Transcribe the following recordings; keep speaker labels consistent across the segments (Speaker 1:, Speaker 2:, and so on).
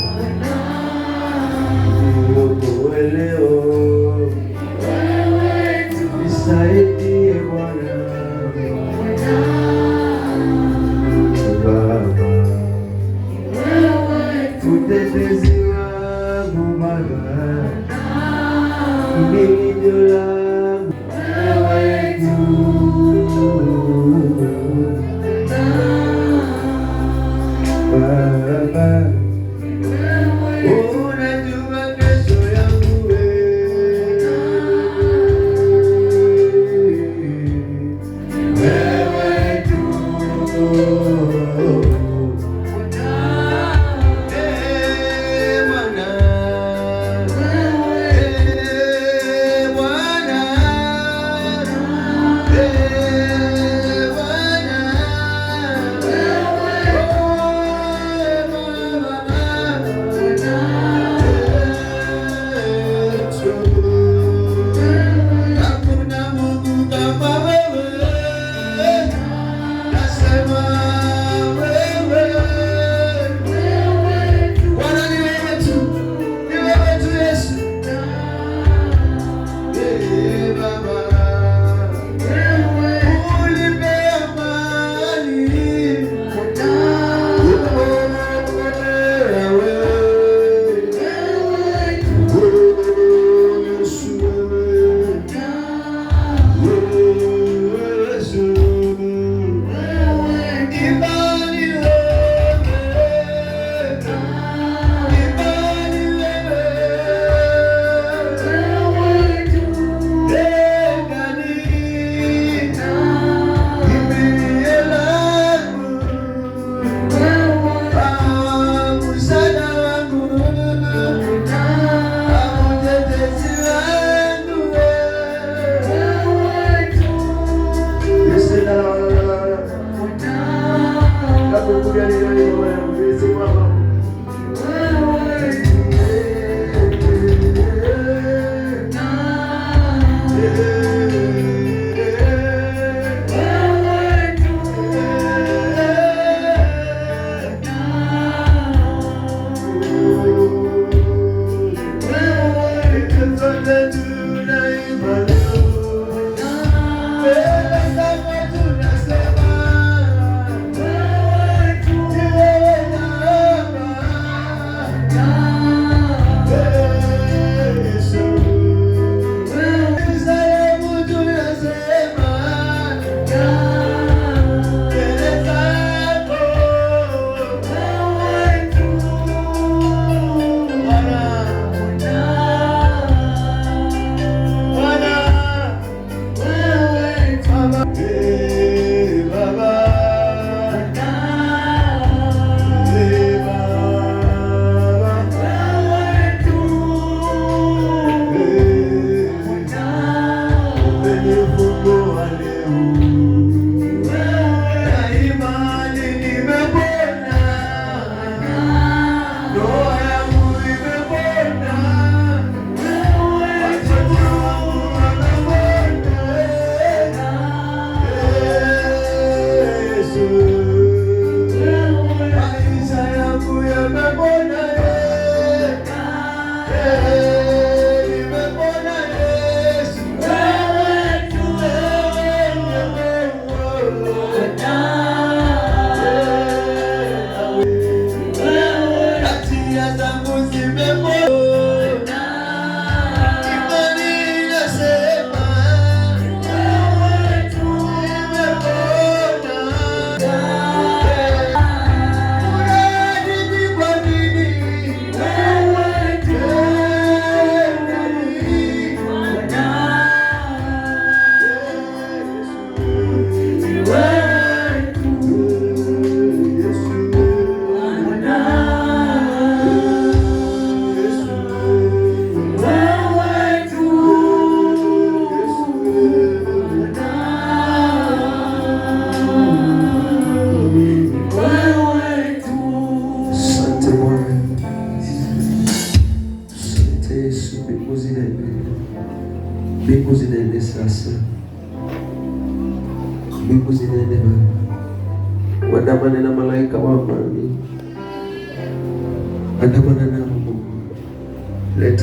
Speaker 1: Foi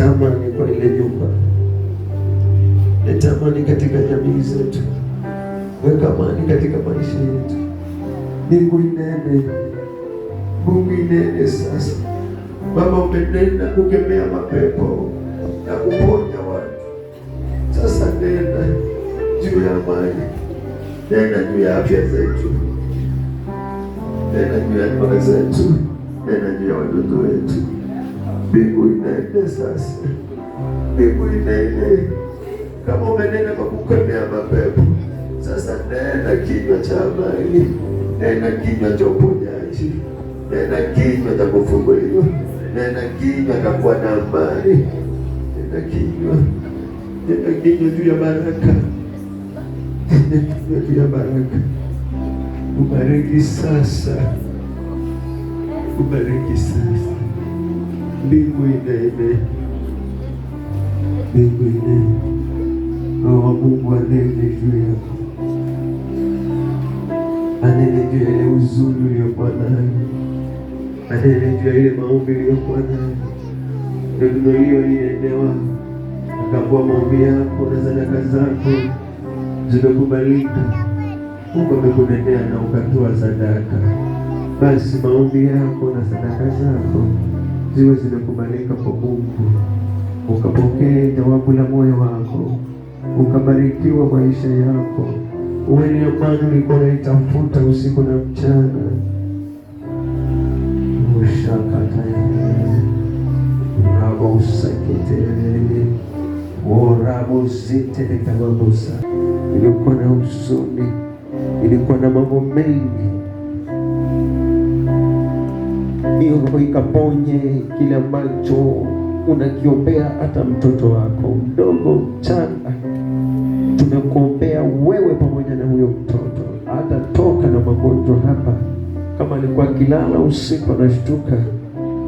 Speaker 1: natamani kwa ile nyumba, natamani katika jamii zetu, weka amani katika maisha yetu. Mungu inene, Mungu inene sasa. Baba, umenena kukemea mapepo na kuponya watu, sasa nena juu ya amani, nena juu ya afya zetu, nena juu ya nyumba zetu, nena juu ya watoto wetu Mbingu inaende sasa, mbingu inaende. Kama umenena kwa kukemea mapepo, sasa nena kinywa cha amani, nena kinywa cha uponyaji, nena kinywa cha kufunguliwa, nena kinywa cha kuwa na amani, nena kinywa, nena kinywa juu ya baraka, nena kinywa juu ya baraka. Ubariki sasa, ubariki sasa mbingu inene, mbingu inene, Roho Mungu anene juu yako, anene juu ya ile huzuni uliyokuwa nayo, anene juu ya ile maombi uliyokuwa nayo. Neno hiyo lienewa akakuwa maombi yako na sadaka zako zimekubalika, Mungu amekunenea na ukatoa sadaka. Basi maombi yako na sadaka zako ziwe zimekubalika kwa Mungu, ukapokee jawabu la moyo wako, ukabarikiwa maisha yako, uwe ni amani ulikuwa unaitafuta usiku na mchana. ushakataee rabousakitelele orabozitelekamambusa ilikuwa na huzuni, ilikuwa na mambo mengi hiyo Roho ikaponye kile ambacho unakiombea, hata mtoto wako mdogo mchanga. Tumekuombea wewe pamoja na huyo mtoto, hata toka na magonjwa hapa. Kama alikuwa akilala usiku anashtuka,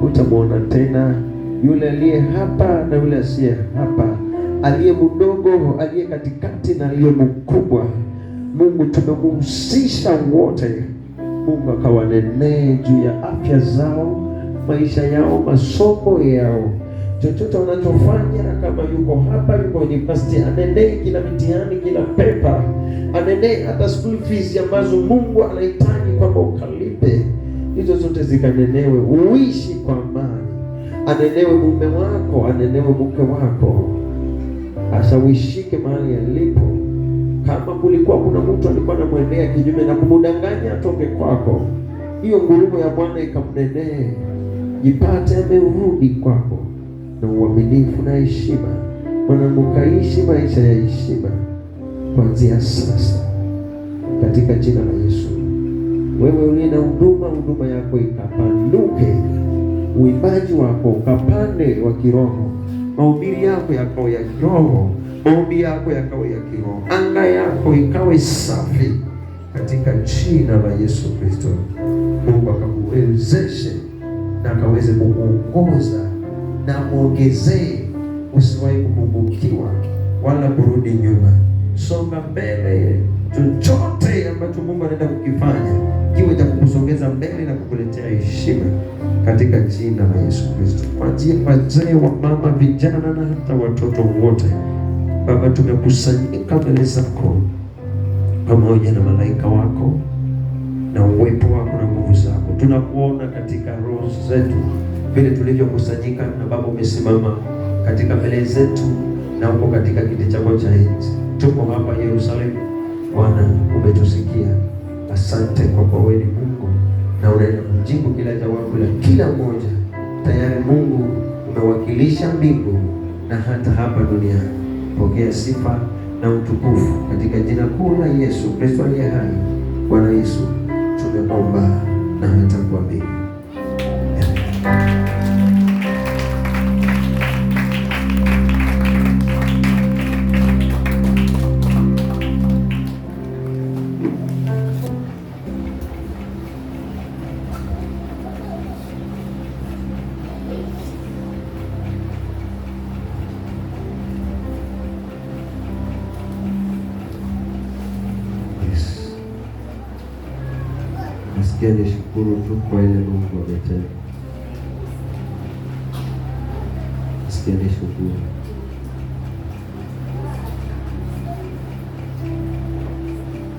Speaker 1: utamwona tena yule aliye hapa na yule asiye hapa, aliye mdogo, aliye katikati na aliye mkubwa. Mungu, tumekuhusisha wote Mungu akawanenee juu ya afya zao, maisha yao, masomo yao, chochote wanachofanya. Kama yuko hapa, yuko university, anenee kila mtihani, kila pepa, anenee hata school fees ambazo Mungu anahitaji kwamba ukalipe, hizo zote zikanenewe, uishi kwa amani. Anenewe mume wako, anenewe mke wako, asawishike mahali alipo. Kama kulikuwa kuna mtu alikuwa anamwendea kinyume na kumudanganya atoke kwako, hiyo ngurumo ya Bwana ikamnenee, jipate ameurudi kwako na uaminifu na heshima. Mwanangu, kaishi maisha ya heshima kuanzia sasa, katika jina la Yesu. Wewe uliye na huduma, huduma yako ikapanduke, uimbaji wako ukapande wa kiroho, mahubiri yako yako ya kiroho maombi yako yakawe ya kiroho, anga yako ikawe safi katika jina la Yesu Kristo. Mungu akakuwezeshe na akaweze kukuongoza na mwongezee, usiwahi kupungukiwa wala kurudi nyuma. Songa mbele, chochote ambacho Mungu anaenda kukifanya kiwe cha kukusongeza mbele na kukuletea heshima katika jina la Yesu Kristo, kwa ajili wazee wa mama, vijana na hata watoto wote Baba, tumekusanyika mbele zako pamoja na malaika wako na uwepo wako na nguvu zako. Tunakuona katika roho zetu vile tulivyokusanyika, na Baba umesimama katika mbele zetu na uko katika kiti chako cha enzi. Tuko hapa Yerusalemu, Bwana umetusikia. Asante kwa kuwa wewe ni Mungu na unaenda kujibu kila jawabu la kila mmoja. Tayari Mungu umewakilisha mbingu na hata hapa duniani Pokea sifa na utukufu katika jina kuu la Yesu Kristo aliye hai. Bwana Yesu, tumeomba na hata kuamini. ni shukuru tu kwa ile Mungu ametenda. Nisikie nishukuru.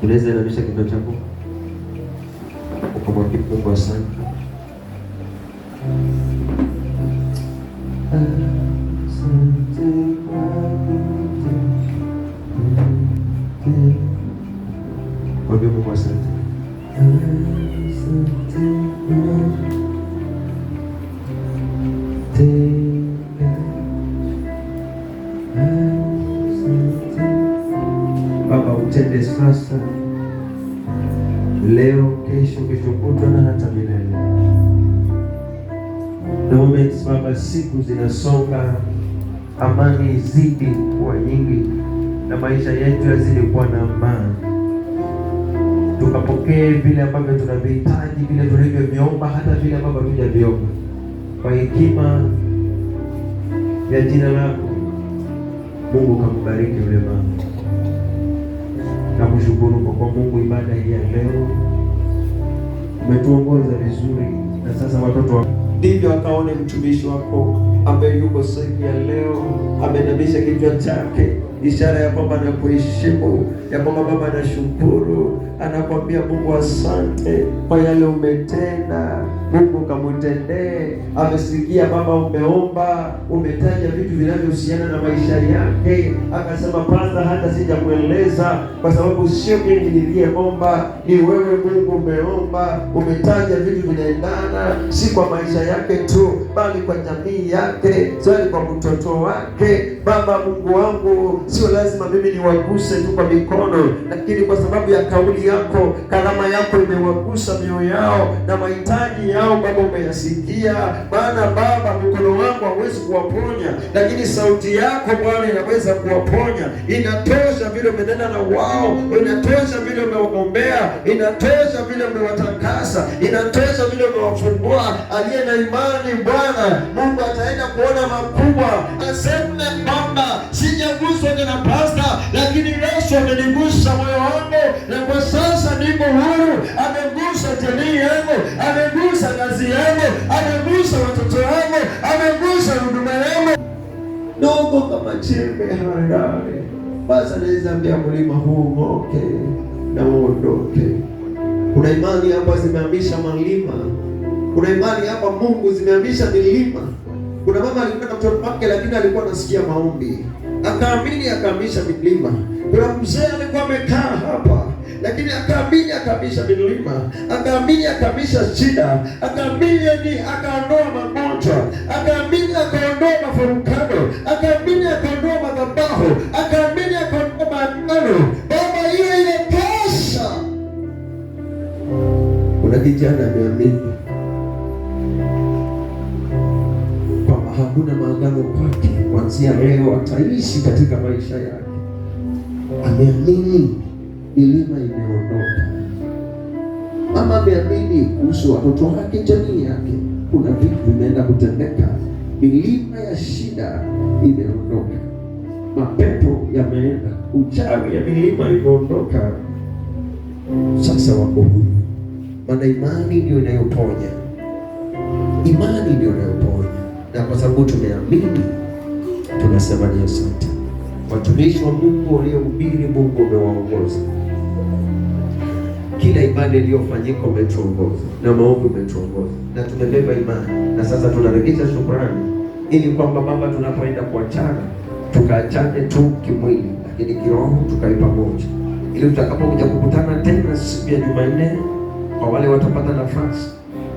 Speaker 1: Unaweza inamisha kinywa chako ukamwambia Mungu asante. kusonga, amani izidi kuwa nyingi na maisha yetu yazidi kuwa na amani. Tukapokee vile ambavyo tunavihitaji, vile tulivyoviomba, hata vile ambavyo hatujaviomba, kwa hekima ya jina lako Mungu. Kambariki yule mama na kushukuru kwa kwa Mungu, ibada hii ya leo umetuongoza vizuri, na sasa watoto ndivyo akaone mtumishi wako ambaye yuko siku ya leo amenabisha kichwa chake ishara ya kwamba anakuheshimu, ya kwamba Baba anashukuru, anakwambia Mungu asante kwa yale umetenda. Mungu kamutendee, amesikia Baba umeomba, umetaja vitu vinavyohusiana na maisha yake, akasema kwanza hata sijakueleza kwa sababu sio mimi niliyeomba, ni wewe Mungu umeomba, umetaja vitu vinaendana, si kwa maisha yake tu, bali kwa jamii yake, swali kwa mtoto wake. Baba Mungu wangu Sio lazima mimi niwaguse tu kwa mikono, lakini kwa sababu ya kauli yako, karama yako imewagusa mioyo yao na mahitaji yao Baba umeyasikia. Maana Baba, mikono wako hauwezi kuwaponya, lakini sauti yako Bwana inaweza kuwaponya. Inatosha vile umenena na wao, inatosha vile umewagombea, inatosha vile umewatakasa, inatosha vile umewafungua. Aliye na imani Bwana Mungu ataenda kuona makubwa, aseme kwamba kazi yangu, amegusa watoto wangu, amegusa huduma yangu dogo kama chembe haradali. Basi anaweza ambia mlima huu ng'oke na uondoke. Kuna imani hapa zimeamisha malima kuna imani hapa Mungu zimeamisha milima. Kuna mama alikuwa na mtoto wake, lakini alikuwa anasikia maombi, akaamini, akaamisha milima. Kuna mzee alikuwa amekaa hapa lakini akaamini akamisha milima, akaamini akamisha shida, akaamini ni akaondoa magonjwa, akaamini akaondoa mafarakano, akaamini akaondoa madhabahu, akaamini akaondoa maagano. Baba, hiyo inatosha. Kuna kijana ameamini kwamba hakuna maagano kwake, kuanzia leo ataishi katika maisha yake, ameamini milima imeondoka. Mama ameamini kuhusu watoto wake, jamii yake, kuna vitu vimeenda kutendeka. Milima ya shida imeondoka, mapepo yameenda, uchawi ya milima imeondoka. Sasa wako huyu, maana imani ndio inayoponya, imani ndio inayoponya, na kwa sababu tumeamini tunasema ni asante. Watumishi wa Mungu waliohubiri, Mungu umewaongoza. Kila ibada iliyofanyika umetuongoza, na maombi umetuongoza, na tumebeba imani, na sasa tunarejesha shukrani, ili kwamba Baba, tunapoenda kuachana tukaachane tu kimwili, lakini kiroho tukae pamoja, ili tutakapokuja kukutana tena siku ya Jumanne kwa wale watapata nafasi,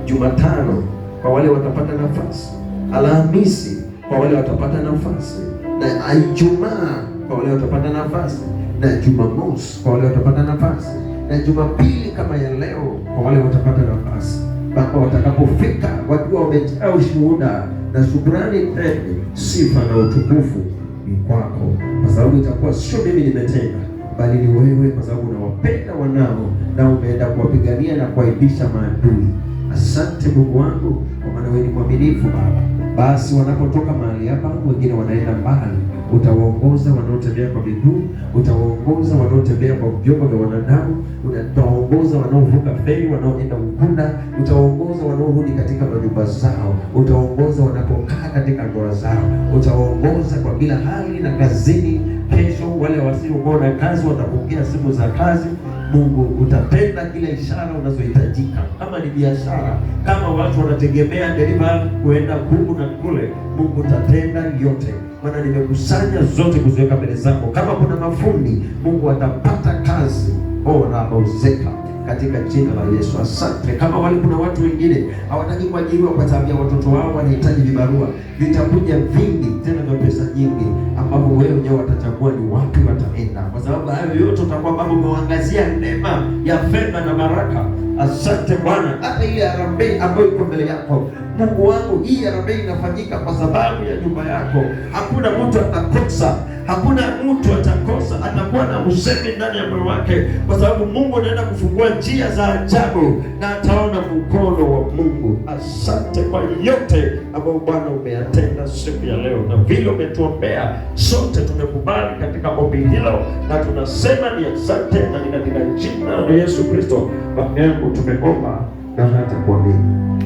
Speaker 1: Jumatano kwa wale watapata nafasi, Alhamisi kwa wale watapata nafasi na Ijumaa kwa wale watapata nafasi, na Jumamosi kwa wale watapata nafasi, na Jumapili kama ya leo kwa wale watapata nafasi, mpaka watakapofika wakiwa wamejaa ushuhuda na shukrani tele. Sifa na utukufu ni kwako, kwa sababu itakuwa sio mimi nimetenda, bali ni wewe, kwa sababu unawapenda wanao na umeenda kuwapigania na kuaibisha maadui. Asante Mungu wangu, kwa maana wewe ni mwaminifu Baba. Basi wanapotoka mahali hapa, wengine wanaenda mbali, utawaongoza wanaotembea kwa miguu, utawaongoza wanaotembea kwa vyombo vya wanadamu, utawaongoza wanaovuka feri, wanaoenda Ukunda, utawaongoza wanaorudi katika manyumba zao, utawaongoza wanapokaa katika ndoa zao, utawaongoza kwa bila hali na kazini. Kesho wale wasiokuwa na kazi watapokea simu za kazi. Mungu utatenda kila ishara unazohitajika, kama ni biashara, kama watu wanategemea delivery kuenda huku na kule, Mungu utatenda yote, maana nimekusanya zote kuziweka mbele zako. Kama kuna mafundi, Mungu atapata kazi. Oh, nabauzeka katika jina la Yesu. Asante. Kama wale kuna watu wengine hawataki kuajiriwa kwa sababu ya watoto wao wanahitaji vibarua, vitakuja vingi tena vya pesa nyingi, ambapo wewe wenyewe watachagua ni wapi wataenda, kwa sababu hayo yote utakuwa baba umewangazia neema ya fedha na baraka. Asante Bwana, hata ile harambee ambayo iko mbele yako Mungu wangu, hii harambee inafanyika kwa sababu ya nyumba yako. Hakuna mtu atakosa, hakuna mtu atakosa, atakuwa na usemi ndani ya moyo wake, kwa sababu Mungu anaenda kufungua njia za ajabu na ataona mkono wa Mungu. Asante kwa yote ambayo Bwana umeyatenda siku ya leo na vile umetuombea sote, tumekubali katika ombi hilo na tunasema ni asante, na katika jina la Yesu Kristo Baba yangu tumeomba na hata kuamini.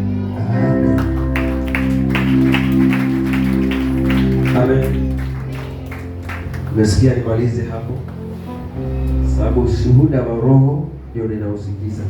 Speaker 1: Amen. Umesikia, nimalize hapo, sababu ushuhuda wa Roho ndio ninausikiza.